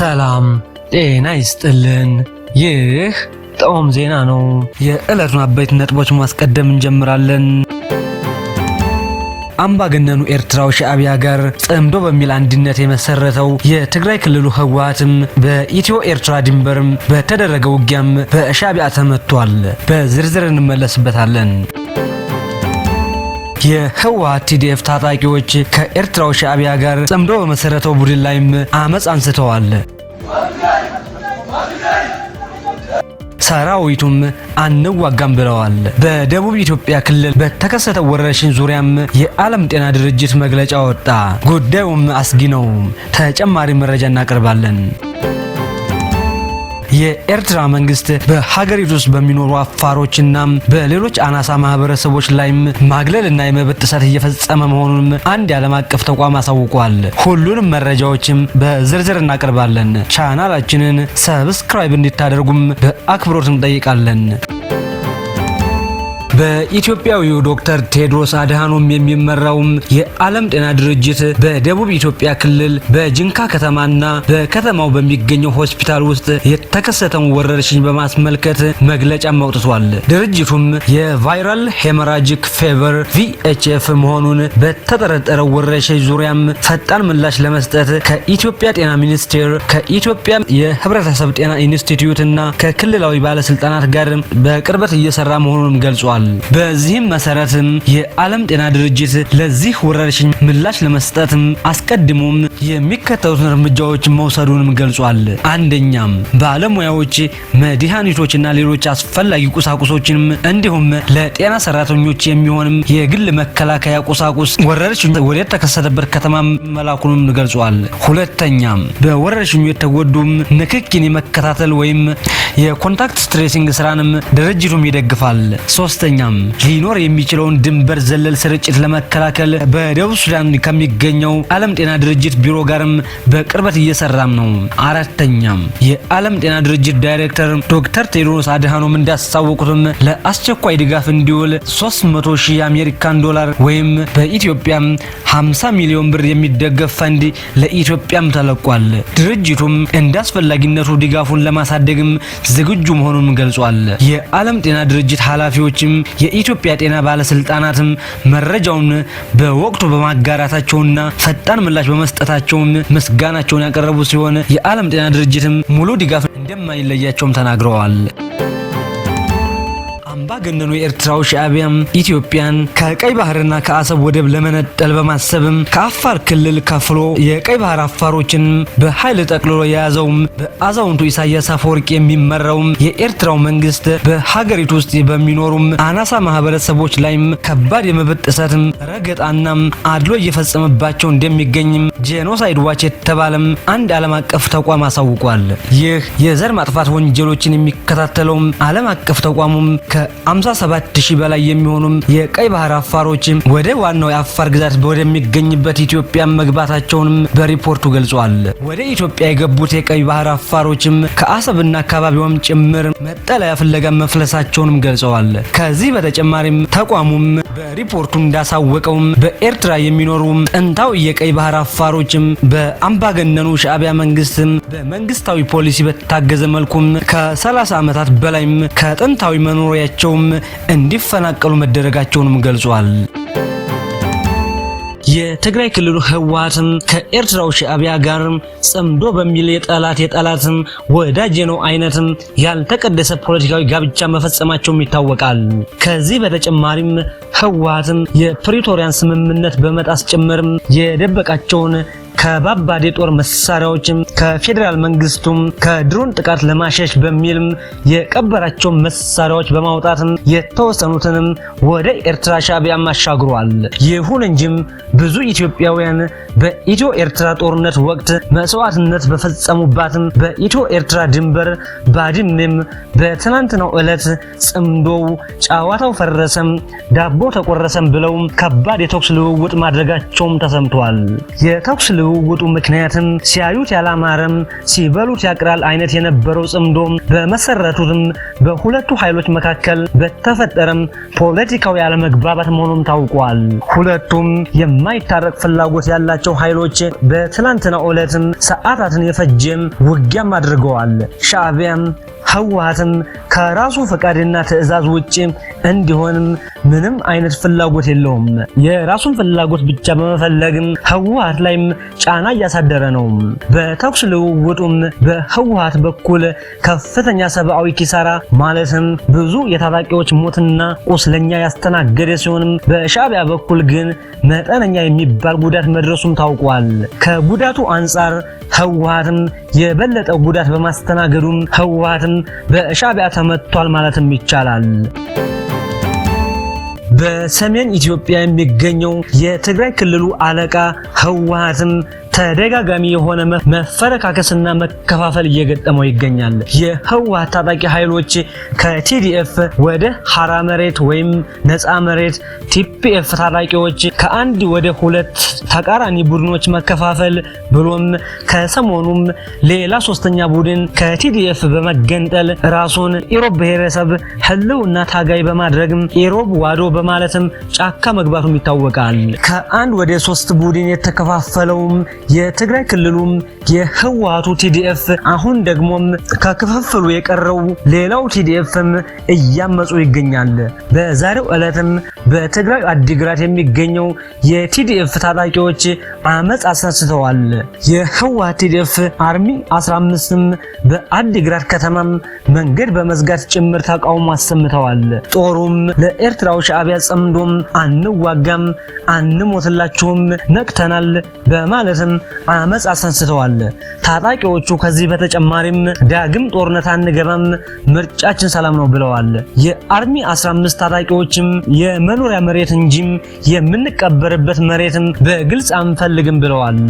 ሰላም ጤና ይስጥልን። ይህ ጣዕም ዜና ነው። የዕለቱን አበይት ነጥቦች ማስቀደም እንጀምራለን። አምባገነኑ ኤርትራው ሻዕቢያ ጋር ጽምዶ በሚል አንድነት የመሰረተው የትግራይ ክልሉ ህወሓትም በኢትዮ ኤርትራ ድንበርም በተደረገ ውጊያም በሻዕቢያ ተመቷል። በዝርዝር እንመለስበታለን። የህወሓት ቲዲኤፍ ታጣቂዎች ከኤርትራው ሻዕቢያ ጋር ጸምዶ በመሰረተው ቡድን ላይም አመፅ አንስተዋል። ሰራዊቱም አንዋጋም ብለዋል። በደቡብ ኢትዮጵያ ክልል በተከሰተው ወረርሽኝ ዙሪያም የዓለም ጤና ድርጅት መግለጫ ወጣ። ጉዳዩም አስጊ ነው። ተጨማሪ መረጃ እናቀርባለን። የኤርትራ መንግስት በሀገሪቱ ውስጥ በሚኖሩ አፋሮችና በሌሎች አናሳ ማህበረሰቦች ላይም ማግለልና የመብት ጥሰት እየፈጸመ መሆኑንም አንድ የዓለም አቀፍ ተቋም አሳውቋል። ሁሉንም መረጃዎችም በዝርዝር እናቀርባለን። ቻናላችንን ሰብስክራይብ እንዲታደርጉም በአክብሮት እንጠይቃለን። በኢትዮጵያዊው ዶክተር ቴድሮስ አድሃኖም የሚመራውም የዓለም ጤና ድርጅት በደቡብ ኢትዮጵያ ክልል በጅንካ ከተማና በከተማው በሚገኘው ሆስፒታል ውስጥ የተከሰተውን ወረርሽኝ በማስመልከት መግለጫ አውጥቷል። ድርጅቱም የቫይራል ሄሞራጂክ ፌቨር ቪኤችኤፍ መሆኑን በተጠረጠረው ወረርሽኝ ዙሪያም ፈጣን ምላሽ ለመስጠት ከኢትዮጵያ ጤና ሚኒስቴር ከኢትዮጵያ የህብረተሰብ ጤና ኢንስቲትዩት እና ከክልላዊ ባለስልጣናት ጋር በቅርበት እየሰራ መሆኑንም ገልጿል። በዚህም መሰረትም የዓለም ጤና ድርጅት ለዚህ ወረርሽኝ ምላሽ ለመስጠትም አስቀድሞም የሚከተሉትን እርምጃዎች መውሰዱንም ገልጿል። አንደኛም ባለሙያዎች መድኃኒቶችና ሌሎች አስፈላጊ ቁሳቁሶችንም እንዲሁም ለጤና ሰራተኞች የሚሆንም የግል መከላከያ ቁሳቁስ ወረርሽኙ ወደ ተከሰተበት ከተማ መላኩንም ገልጿል። ሁለተኛም በወረርሽኙ የተጎዱም ንክኪን የመከታተል ወይም የኮንታክት ስትሬሲንግ ስራንም ድርጅቱም ይደግፋል። ሶስተኛ አራተኛም ሊኖር የሚችለውን ድንበር ዘለል ስርጭት ለመከላከል በደቡብ ሱዳን ከሚገኘው ዓለም ጤና ድርጅት ቢሮ ጋርም በቅርበት እየሰራም ነው። አራተኛም የዓለም ጤና ድርጅት ዳይሬክተር ዶክተር ቴድሮስ አድሃኖም እንዳስታወቁትም ለአስቸኳይ ድጋፍ እንዲውል 300 ሺህ የአሜሪካን ዶላር ወይም በኢትዮጵያ 50 ሚሊዮን ብር የሚደገፍ ፈንድ ለኢትዮጵያም ተለቋል። ድርጅቱም እንዳስፈላጊነቱ ድጋፉን ለማሳደግም ዝግጁ መሆኑን ገልጿል። የዓለም ጤና ድርጅት ኃላፊዎችም የኢትዮጵያ ጤና ባለስልጣናትም መረጃውን በወቅቱ በማጋራታቸውና ፈጣን ምላሽ በመስጠታቸው ምስጋናቸውን ያቀረቡ ሲሆን የዓለም ጤና ድርጅትም ሙሉ ድጋፍ እንደማይለያቸውም ተናግረዋል። አምባገነኑ ኤርትራው ሻዕቢያም ኢትዮጵያን ከቀይ ባህርና ከአሰብ ወደብ ለመነጠል በማሰብም ከአፋር ክልል ከፍሎ የቀይ ባህር አፋሮችን በኃይል ጠቅልሎ የያዘውም በአዛውንቱ ኢሳያስ አፈወርቅ የሚመራውም የኤርትራው መንግስት በሀገሪቱ ውስጥ በሚኖሩም አናሳ ማህበረሰቦች ላይም ከባድ የመብት ጥሰትም፣ ረገጣናም አድሎ እየፈጸመባቸው እንደሚገኝም ጄኖሳይድ ዋች የተባለም አንድ ዓለም አቀፍ ተቋም አሳውቋል። ይህ የዘር ማጥፋት ወንጀሎችን የሚከታተለውም ዓለም አቀፍ ተቋሙም ከ57000 በላይ የሚሆኑም የቀይ ባህር አፋሮች ወደ ዋናው የአፋር ግዛት ወደሚገኝበት ኢትዮጵያ መግባታቸውንም በሪፖርቱ ገልጿል። ወደ ኢትዮጵያ የገቡት የቀይ ባህር አፋሮችም ከአሰብና አካባቢውም ጭምር መጠለያ ፍለጋ መፍለሳቸውንም ገልጸዋል። ከዚህ በተጨማሪም ተቋሙም በሪፖርቱ እንዳሳወቀውም በኤርትራ የሚኖሩ ጥንታዊ የቀይ ባህር አፋ አመራሮችም በአምባገነኑ ሻዕቢያ መንግስትም በመንግስታዊ ፖሊሲ በታገዘ መልኩም ከ30 ዓመታት በላይም ከጥንታዊ መኖሪያቸውም እንዲፈናቀሉ መደረጋቸውንም ገልጿል። የትግራይ ክልሉ ህወሓትም ከኤርትራው ሻዕቢያ ጋርም ጽምዶ በሚል የጠላት የጠላትም ወዳጅ ነው አይነትም ያልተቀደሰ ፖለቲካዊ ጋብቻ መፈጸማቸውም ይታወቃል። ከዚህ በተጨማሪም ህወሓትም የፕሪቶሪያን ስምምነት በመጣስ ጭምርም የደበቃቸውን ከባባድ የጦር መሳሪያዎችም ከፌዴራል መንግስቱም ከድሮን ጥቃት ለማሸሽ በሚልም የቀበራቸው መሳሪያዎች በማውጣትም የተወሰኑትንም ወደ ኤርትራ ሻቢያም አሻግሯል። ይሁን እንጂም ብዙ ኢትዮጵያውያን በኢትዮ ኤርትራ ጦርነት ወቅት መስዋዕትነት በፈጸሙባትም በኢትዮ ኤርትራ ድንበር ባድሜም በትናንትናው ዕለት ጽምዶው ጨዋታው ፈረሰም ዳቦ ተቆረሰም ብለው ከባድ የተኩስ ልውውጥ ማድረጋቸውም ተሰምቷል። የተኩስ ልውውጡ ምክንያትም ሲያዩት ያላማረም ሲበሉት ያቅራል አይነት የነበረው ጽምዶም በመሰረቱትም በሁለቱ ኃይሎች መካከል በተፈጠረም ፖለቲካዊ አለመግባባት መሆኑም ታውቋል። ሁለቱም የማይታረቅ ፍላጎት ያላቸው የመቱ ኃይሎች በትላንትና ዕለትም ሰዓታትን የፈጀም ውጊያም አድርገዋል። ሻዕቢያም ህወሓትም ከራሱ ፈቃድና ትዕዛዝ ውጪ እንዲሆንም ምንም አይነት ፍላጎት የለውም። የራሱን ፍላጎት ብቻ በመፈለግም ህወሓት ላይም ጫና እያሳደረ ነው። በተኩስ ልውውጡም በህወሓት በኩል ከፍተኛ ሰብአዊ ኪሳራ ማለትም ብዙ የታጣቂዎች ሞትና ቁስለኛ ያስተናገደ ሲሆንም በሻዕቢያ በኩል ግን መጠነኛ የሚባል ጉዳት መድረሱም ታውቋል። ከጉዳቱ አንጻር ህወሓትም የበለጠ ጉዳት በማስተናገዱም ህወሓትም በሻዕቢያ ተመቷል ማለትም ይቻላል። በሰሜን ኢትዮጵያ የሚገኘው የትግራይ ክልሉ አለቃ ህወሓትም ተደጋጋሚ የሆነ መፈረካከስና መከፋፈል እየገጠመው ይገኛል። የህወሓት ታጣቂ ኃይሎች ከቲዲኤፍ ወደ ሀራ መሬት ወይም ነፃ መሬት፣ ቲፒኤፍ ታጣቂዎች ከአንድ ወደ ሁለት ተቃራኒ ቡድኖች መከፋፈል ብሎም ከሰሞኑም ሌላ ሶስተኛ ቡድን ከቲዲኤፍ በመገንጠል ራሱን ኢሮብ ብሔረሰብ ህልውና ታጋይ በማድረግም ኢሮብ ዋዶ በማለትም ጫካ መግባቱም ይታወቃል። ከአንድ ወደ ሶስት ቡድን የተከፋፈለውም የትግራይ ክልሉም የህወሓቱ ቲዲኤፍ አሁን ደግሞም ከክፍፍሉ የቀረው ሌላው ቲዲኤፍም እያመፁ ይገኛል። በዛሬው ዕለትም በትግራይ አዲግራት የሚገኘው የቲዲኤፍ ታጣቂዎች አመፅ አስነስተዋል። የህወሓት ቲዲኤፍ አርሚ 15ም በአዲግራት ከተማም መንገድ በመዝጋት ጭምር ተቃውሞ አሰምተዋል። ጦሩም ለኤርትራው ሻዕቢያ ጸምዶም አንዋጋም፣ አንሞትላችሁም፣ ነቅተናል በማለትም አመፅ አሰንስተዋል። ታጣቂዎቹ ከዚህ በተጨማሪም ዳግም ጦርነት አንገባም፣ ምርጫችን ሰላም ነው ብለዋል። የአርሚ 15 ታጣቂዎችም የመኖሪያ መሬት እንጂም የምንቀበርበት መሬትም በግልጽ አንፈልግም ብለዋል።